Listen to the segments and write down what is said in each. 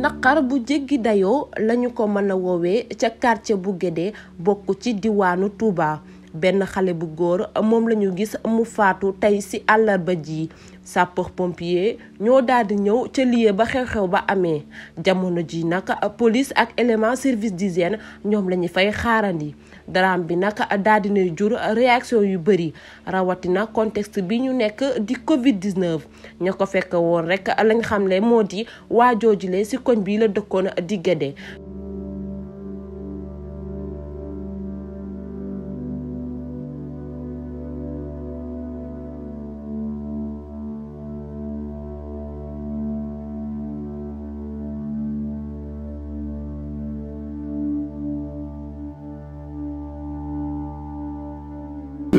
ndaxar bu jéggi dayoo lañu ko mën a woowee ca quartier bu Guédé bokk ci diwaanu Touba. benn xale bu góor moom la ñu gis mu faatu tey ci àllarba ji sapeur pompier ñoo daal di ñëw ca lieu ba xew-xew ba amee jamono ji nag police ak élément service d'hygiène ñoom la ñu fay xaarandi drame bi nag daldi di nay jur réaction yu bëri rawatina contexte bi ñu nekk di Covid 19 ña ko fekk woon rek lañ xamle moo di waajoo jile ci koñ bi la dëkkoon di Guédé.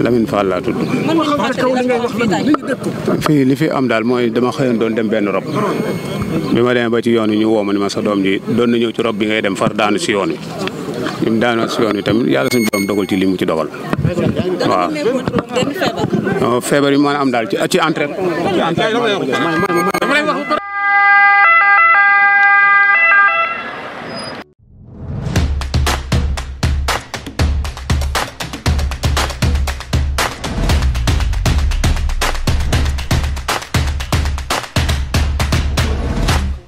Lamine Fall laa li fi am daal mooy dama xëyoon doon dem benn rob bi ma demee ba ci yoon wi ñu woo ma ni ma sa doom ji doon na ñëw ci rob bi ngay dem far daanu si yoon wi. bi mu daanoo si yoon wi tamit yàlla suñu borom dogal ci li mu ci dogal. waaw feebar yi maanaam am daal ci ci